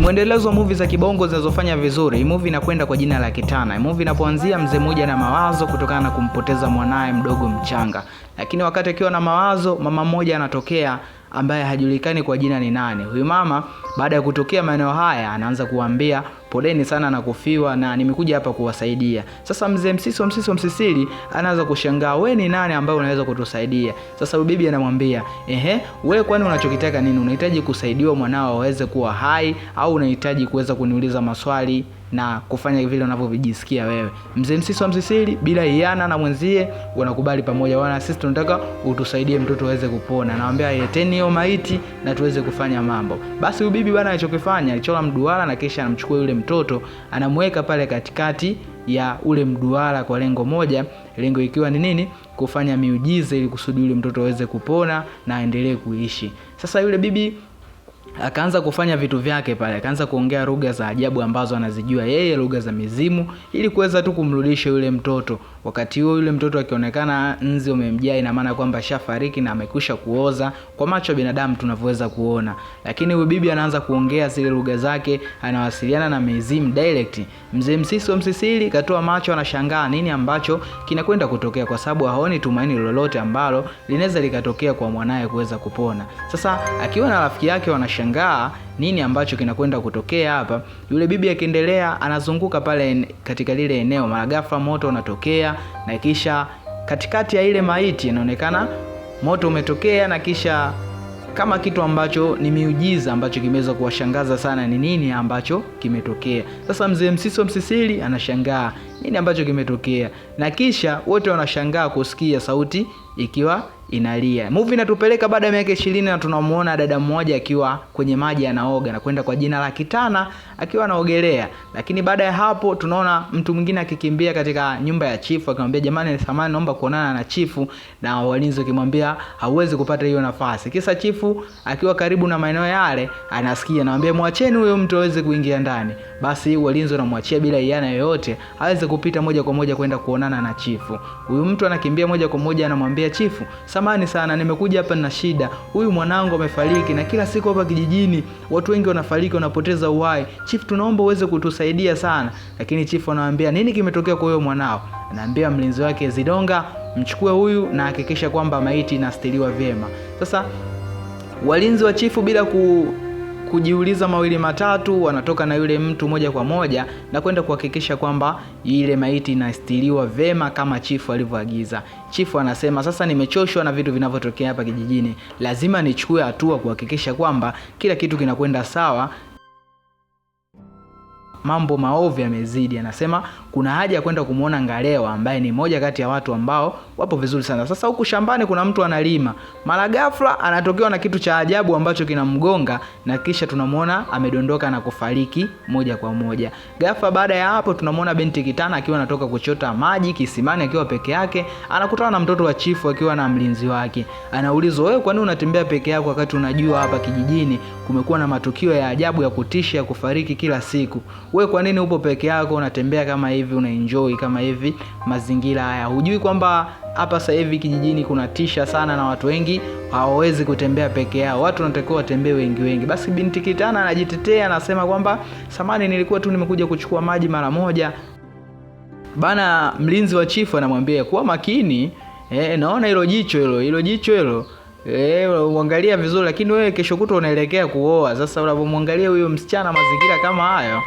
mwendelezo wa movie za kibongo zinazofanya vizuri. Movie inakwenda kwa jina la Kitana. Movie inapoanzia mzee mmoja na mawazo kutokana na kumpoteza mwanaye mdogo mchanga, lakini wakati akiwa na mawazo, mama mmoja anatokea ambaye hajulikani kwa jina ni nani. Huyu mama baada ya kutokea maeneo haya anaanza kuambia poleni sana na kufiwa na nimekuja hapa kuwasaidia. Sasa mzee Msiso Msiso Msisili anaanza kushangaa, we ni nani ambaye unaweza kutusaidia? Sasa bibi anamwambia ehe, we kwani unachokitaka nini? Unahitaji kusaidiwa mwanao aweze kuwa hai au unahitaji kuweza kuniuliza maswali? na kufanya vile unavyojisikia wewe. Mzee Msisi wa Msisili, bila hiana na mwenzie, wanakubali pamoja wana, sisi tunataka utusaidie mtoto aweze kupona. Nawaambia leteni hiyo maiti na tuweze kufanya mambo. Basi ubibi bwana alichokifanya alichora mduara na kisha anamchukua yule mtoto anamweka pale katikati ya ule mduara kwa lengo moja, lengo ikiwa ni nini? Kufanya miujiza ili kusudi yule mtoto aweze kupona na aendelee kuishi. Sasa yule bibi akaanza kufanya vitu vyake pale, akaanza kuongea lugha za ajabu ambazo anazijua yeye, lugha za mizimu, ili kuweza tu kumrudisha yule mtoto. Wakati huo yule mtoto akionekana nzi umemjaa, ina maana kwamba shafariki na amekwisha kuoza kwa macho ya binadamu tunavyoweza kuona, lakini huyu bibi anaanza kuongea zile lugha zake, anawasiliana na mizimu direct. Mzee Msisi wa Msisili katoa macho, anashangaa nini ambacho kinakwenda kutokea, kwa sababu haoni tumaini lolote ambalo linaweza likatokea kwa mwanaye kuweza kupona. Sasa akiwa na rafiki yake wana anashangaa nini ambacho kinakwenda kutokea hapa. Yule bibi akiendelea anazunguka pale katika lile eneo, mara ghafla moto unatokea na kisha katikati ya ile maiti inaonekana moto umetokea na kisha kama kitu ambacho ni miujiza ambacho kimeweza kuwashangaza sana, ni nini ambacho kimetokea. Sasa mzee Msiso Msisili anashangaa nini ambacho kimetokea, na kisha wote wanashangaa kusikia sauti ikiwa inalia. Movie inatupeleka baada ya miaka ishirini na tunamuona dada mmoja akiwa kwenye maji anaoga na kwenda kwa jina la Kitana akiwa anaogelea. Lakini baada ya hapo tunaona mtu mwingine akikimbia katika nyumba ya chifu akimwambia, jamani, thamani naomba kuonana na chifu, na walinzi wakimwambia hauwezi kupata hiyo nafasi. Kisa chifu akiwa karibu na maeneo yale anasikia, anamwambia mwacheni huyo mtu aweze kuingia ndani. Basi walinzi wanamwachia bila iana yoyote, aweze kupita moja kwa moja kwenda kuonana na chifu. Huyu mtu anakimbia moja kwa moja anamwambia ananiambia chifu, samani sana, nimekuja hapa na shida. Huyu mwanangu amefariki, na kila siku hapa kijijini watu wengi wanafariki, wanapoteza uhai. Chifu, tunaomba uweze kutusaidia sana. Lakini chifu anawaambia nini kimetokea kwa huyo mwanao? Anaambia mlinzi wake Zidonga, mchukue huyu na hakikisha kwamba maiti inastiliwa vyema. Sasa walinzi wa chifu bila ku kujiuliza mawili matatu, wanatoka na yule mtu moja kwa moja na kwenda kuhakikisha kwamba ile maiti inastiliwa vema kama chifu alivyoagiza. Chifu anasema sasa, nimechoshwa na vitu vinavyotokea hapa kijijini, lazima nichukue hatua kuhakikisha kwamba kila kitu kinakwenda sawa mambo maovu yamezidi. Anasema kuna haja ya kwenda kumwona Ngalewa ambaye ni moja kati ya watu ambao wapo vizuri sana. Sasa huku shambani kuna mtu analima, mara ghafla anatokewa na kitu cha ajabu ambacho kinamgonga na kisha tunamwona amedondoka na kufariki moja kwa moja. Ghafla baada ya hapo tunamwona binti Kitana akiwa anatoka kuchota maji kisimani akiwa peke yake, anakutana na mtoto wa chifu akiwa na mlinzi wake. Anaulizwa, wewe kwa nini unatembea peke yako wakati unajua hapa kijijini kumekuwa na matukio ya ajabu ya kutisha ya kufariki kila siku? we kwa nini upo peke yako, unatembea kama hivi, unaenjoy kama hivi mazingira haya? Hujui kwamba hapa sasa hivi kijijini kuna tisha sana na watu wengi hawawezi kutembea peke yao, watu wanatakiwa watembee wengi wengi. Basi binti Kitana anajitetea, anasema kwamba samani, nilikuwa tu nimekuja kuchukua maji mara moja. Bana, mlinzi wa chifu anamwambia kuwa makini eh, naona hilo jicho hilo hilo jicho hilo eh, uangalia vizuri, lakini wewe kesho kutwa unaelekea kuoa. Sasa unapomwangalia huyo msichana mazingira kama hayo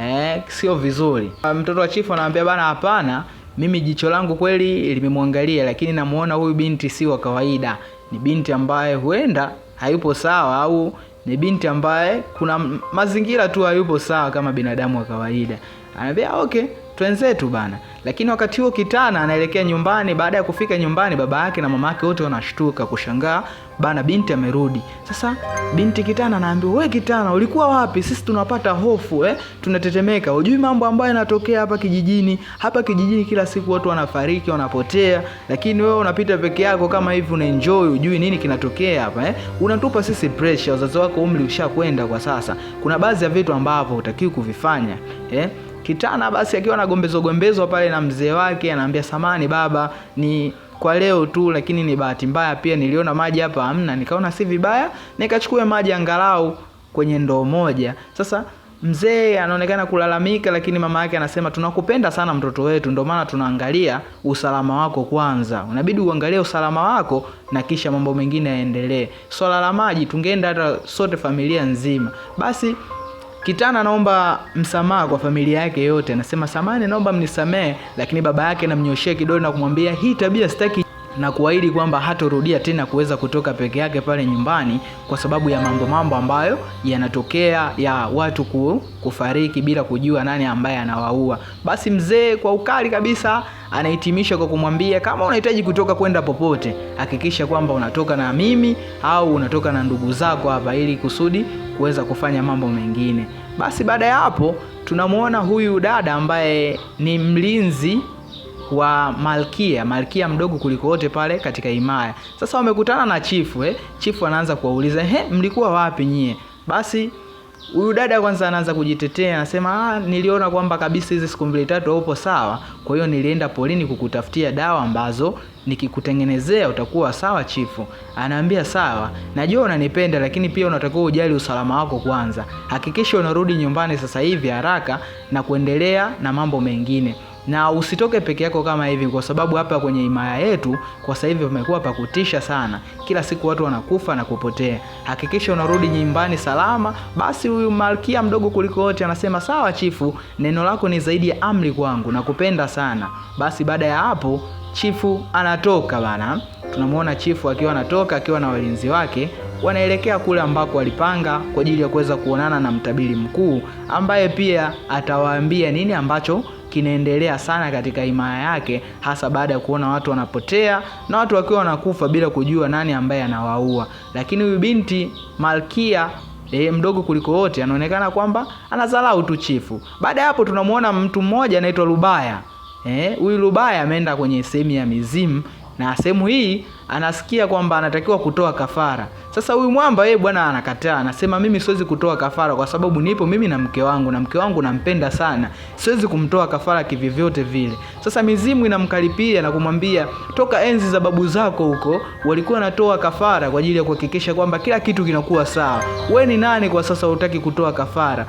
eh, sio vizuri. Ah, mtoto wa chifu anaambia bana, hapana, mimi jicho langu kweli limemwangalia, lakini namuona huyu binti si wa kawaida, ni binti ambaye huenda hayupo sawa au ni binti ambaye kuna mazingira tu hayupo sawa kama binadamu wa kawaida. Anaambia ah, okay twenzetu bana. Lakini wakati huo Kitana anaelekea nyumbani. Baada ya kufika nyumbani, baba yake na mama yake wote wanashtuka kushangaa, bana, binti amerudi. Sasa binti Kitana anaambiwa, we Kitana, ulikuwa wapi? Sisi tunapata hofu eh, tunatetemeka, ujui mambo ambayo yanatokea hapa kijijini. Hapa kijijini kila siku watu wanafariki, wanapotea, lakini wewe unapita peke yako kama hivi, unaenjoy, ujui nini kinatokea hapa eh? Unatupa sisi pressure. Wazazi wako umri ushakwenda kwa sasa, kuna baadhi ya vitu ambavyo utakiwi kuvifanya eh? Kitana basi akiwa na gombezo gombezo pale na mzee wake, anaambia samani baba, ni kwa leo tu, lakini ni bahati mbaya pia niliona maji hapa hamna, nikaona si vibaya nikachukue maji angalau kwenye ndoo moja. Sasa mzee anaonekana kulalamika, lakini mama yake anasema tunakupenda sana mtoto wetu, ndio maana tunaangalia usalama wako kwanza. Unabidi uangalie usalama wako na kisha mambo mengine yaendelee. Swala la maji tungeenda hata sote familia nzima. Basi Kitana anaomba msamaha kwa familia yake yote, anasema samani, naomba mnisamehe, lakini baba yake namnyoshea kidole na kumwambia hii tabia sitaki na kuahidi kwamba hatorudia tena kuweza kutoka peke yake pale nyumbani kwa sababu ya mambo mambo ambayo yanatokea ya watu ku, kufariki bila kujua nani ambaye anawaua. Basi mzee kwa ukali kabisa anahitimisha kwa kumwambia kama unahitaji kutoka kwenda popote, hakikisha kwamba unatoka na mimi au unatoka na ndugu zako hapa, ili kusudi kuweza kufanya mambo mengine. Basi baada ya hapo tunamwona huyu dada ambaye ni mlinzi wa malkia, malkia mdogo kuliko wote pale katika himaya. Sasa wamekutana na chifu eh. Chifu anaanza kuwauliza he, mlikuwa wapi nyie? Basi huyu dada kwanza anaanza kujitetea, anasema ah, niliona kwamba kabisa hizi siku mbili tatu haupo sawa, kwa hiyo nilienda polini kukutafutia dawa ambazo nikikutengenezea utakuwa sawa. Chifu anaambia sawa, najua unanipenda, lakini pia unatakiwa ujali usalama wako kwanza. Hakikisha unarudi nyumbani sasa hivi haraka na kuendelea na mambo mengine na usitoke peke yako kama hivi, kwa sababu hapa kwenye imaya yetu kwa sasa hivi pamekuwa pakutisha sana. Kila siku watu wanakufa na kupotea. Hakikisha unarudi nyumbani salama. Basi huyu malkia mdogo kuliko wote anasema sawa chifu, neno lako ni zaidi ya amri kwangu, nakupenda sana. Basi baada ya hapo chifu anatoka bana. tunamuona chifu akiwa anatoka akiwa na walinzi wake wanaelekea kule ambako walipanga kwa ajili ya kuweza kuonana na mtabiri mkuu ambaye pia atawaambia nini ambacho kinaendelea sana katika himaya yake, hasa baada ya kuona watu wanapotea na watu wakiwa wanakufa bila kujua nani ambaye anawaua. Lakini huyu binti Malkia E, mdogo kuliko wote anaonekana kwamba anadharau tu chifu. Baada ya hapo tunamuona mtu mmoja anaitwa Rubaya. Eh, huyu Rubaya ameenda kwenye sehemu ya mizimu na sehemu hii anasikia kwamba anatakiwa kutoa kafara. Sasa huyu mwamba yeye bwana anakataa, anasema mimi siwezi kutoa kafara kwa sababu nipo mimi na mke wangu na mke wangu nampenda sana, siwezi kumtoa kafara kivyovyote vile. Sasa mizimu inamkaripia na kumwambia, toka enzi za babu zako huko walikuwa wanatoa kafara kwa ajili ya kuhakikisha kwamba kila kitu kinakuwa sawa. We ni nani kwa sasa hutaki kutoa kafara?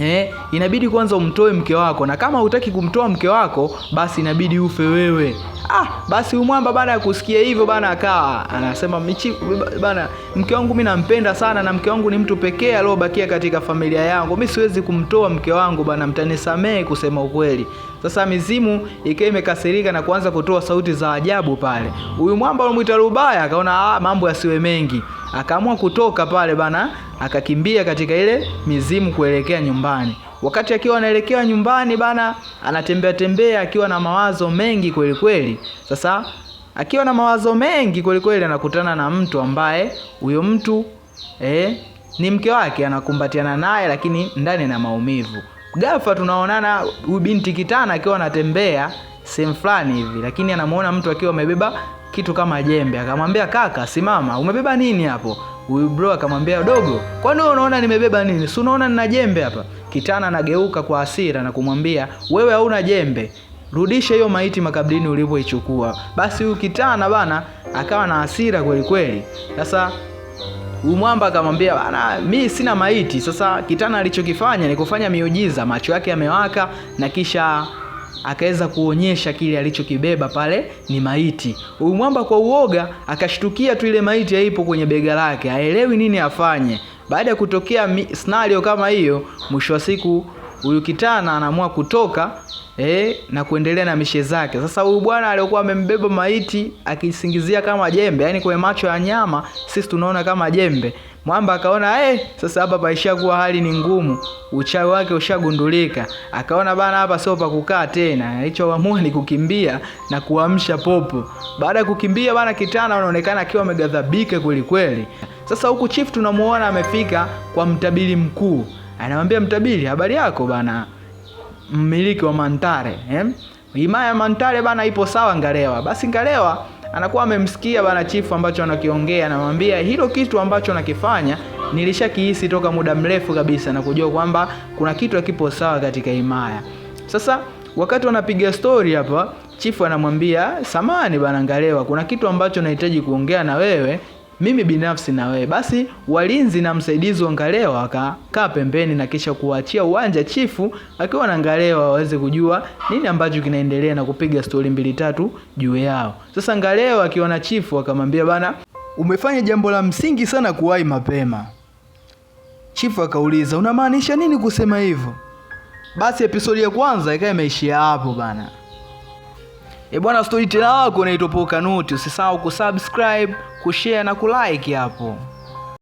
Eh, inabidi kwanza umtoe mke wako, na kama hutaki kumtoa mke wako basi inabidi ufe wewe. Ah, basi umwamba baada ya kusikia hivyo bana, akawa anasema michi bana, mke wangu mimi nampenda sana, na mke wangu ni mtu pekee aliobakia katika familia yangu, mimi siwezi kumtoa mke wangu bana, mtanisamehe kusema ukweli. Sasa mizimu ikiwa imekasirika na kuanza kutoa sauti za ajabu pale. Huyu mwamba alimwita Rubaya akaona ah, mambo yasiwe mengi, akaamua kutoka pale bana, akakimbia katika ile mizimu kuelekea nyumbani. Wakati akiwa anaelekea nyumbani bana, anatembea tembea akiwa na mawazo mengi kweli kweli. Sasa akiwa na mawazo mengi kweli kweli, anakutana na mtu ambaye huyo mtu eh, ni mke wake, anakumbatiana naye, lakini ndani na maumivu. Ghafla tunaonana huyu binti Kitana akiwa anatembea sehemu fulani hivi, lakini anamuona mtu akiwa amebeba kitu kama jembe. Akamwambia, kaka, simama, umebeba nini hapo? Huyu bro akamwambia, dogo, kwani wewe unaona nimebeba nini? Si unaona nina jembe hapa. Kitana anageuka kwa hasira na kumwambia, wewe hauna jembe, rudisha hiyo maiti makabrini ulivyoichukua. Basi huyu Kitana bana akawa na hasira kweli kweli. Sasa Umwamba akamwambia bana, mi sina maiti. Sasa Kitana alichokifanya ni kufanya miujiza, macho yake yamewaka na kisha akaweza kuonyesha kile alichokibeba pale ni maiti. Huyu mwamba kwa uoga akashtukia tu ile maiti haipo kwenye bega lake, haelewi nini afanye. Baada ya kutokea scenario kama hiyo, mwisho wa siku huyu kitana anaamua kutoka eh, na kuendelea na mishe zake. Sasa huyu bwana aliyokuwa amembeba maiti akisingizia kama jembe, yani kwa macho ya nyama sisi tunaona kama jembe. Mwamba akaona eh, sasa hapa paisha kuwa hali ni ngumu, uchawi wake ushagundulika. Akaona bana, hapa sio pa kukaa tena, alichoamua ni kukimbia na kuamsha popo. Baada ya kukimbia bana, kitana anaonekana akiwa amegadhabika kweli kweli. Sasa huku chief tunamuona amefika kwa mtabiri mkuu anamwambia mtabiri, habari yako bana, mmiliki wa Mantare eh? Himaya ya Mantare bana ipo sawa Ngalewa. Basi Ngalewa anakuwa amemsikia bana chifu ambacho anakiongea, anamwambia hilo kitu ambacho nakifanya nilishakihisi toka muda mrefu kabisa na kujua kwamba kuna kitu hakipo sawa katika himaya. Sasa wakati wanapiga stori hapa, chifu anamwambia samani bana Ngalewa, kuna kitu ambacho nahitaji kuongea na wewe mimi binafsi na wewe. Basi walinzi na msaidizi wa Ngalewa akakaa pembeni na kisha kuwaachia uwanja chifu akiwa na Ngalewa waweze kujua nini ambacho kinaendelea na kupiga stori mbili tatu juu yao. Sasa Ngalewa akiwa na chifu akamwambia, bana, umefanya jambo la msingi sana kuwahi mapema. Chifu akauliza, unamaanisha nini kusema hivyo? Basi episodi ya kwanza ikawa imeishia hapo bana. E bwana, storyteller wako unaitopoka Poa Usisahau kusubscribe, kushare na kulike hapo.